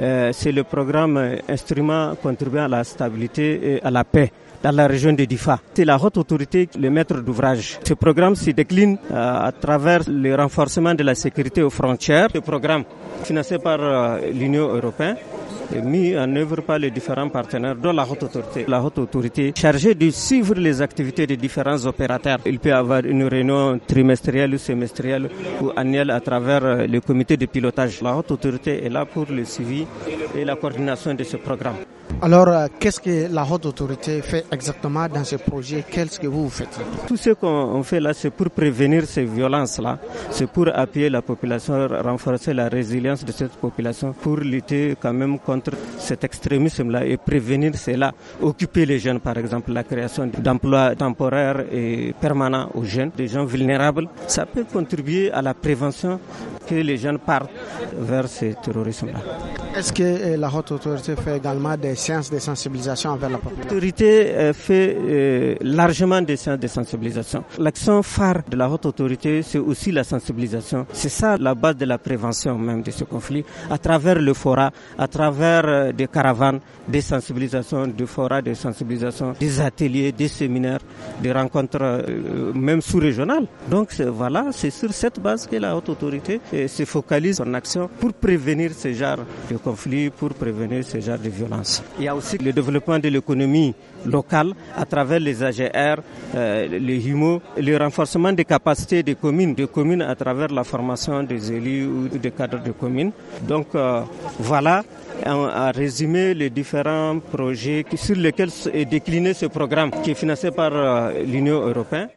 Euh, c'est le programme euh, Instrument contribuant à la stabilité et à la paix dans la région de Difa. C'est la haute autorité, le maître d'ouvrage. Ce programme se décline euh, à travers le renforcement de la sécurité aux frontières, le programme financé par l'Union européenne mis en œuvre par les différents partenaires, dont la haute autorité. La haute autorité chargée de suivre les activités des différents opérateurs. Il peut y avoir une réunion trimestrielle, ou semestrielle ou annuelle à travers euh, le comité de pilotage. La haute autorité est là pour le suivi et la coordination de ce programme. Alors, euh, qu'est-ce que la haute autorité fait exactement dans ce projet Qu'est-ce que vous faites Tout ce qu'on fait là, c'est pour prévenir ces violences-là. C'est pour appuyer la population, renforcer la résilience de cette population, pour lutter quand même contre cet extrémisme-là et prévenir cela. Occuper les jeunes, par exemple, la création d'emplois temporaires et permanents aux jeunes, des gens vulnérables, ça peut contribuer à la prévention que les jeunes partent vers ce terrorisme-là. Est-ce que euh, la haute autorité fait également des séances de sensibilisation envers la population L'autorité euh, fait euh, largement des séances de sensibilisation. L'action phare de la haute autorité, c'est aussi la sensibilisation. C'est ça la base de la prévention même de ce conflit, à travers le fora, à travers des caravanes, des sensibilisations, du fora, des sensibilisations, des ateliers, des séminaires, des rencontres même sous-régionales. Donc voilà, c'est sur cette base que la haute autorité se focalise en action pour prévenir ce genre de conflit pour prévenir ce genre de violence. Il y a aussi le développement de l'économie locale à travers les AGR, euh, les HUMO, le renforcement des capacités des communes, des communes à travers la formation des élus ou des cadres de communes. Donc euh, voilà à résumer les différents projets sur lesquels est décliné ce programme qui est financé par euh, l'Union européenne.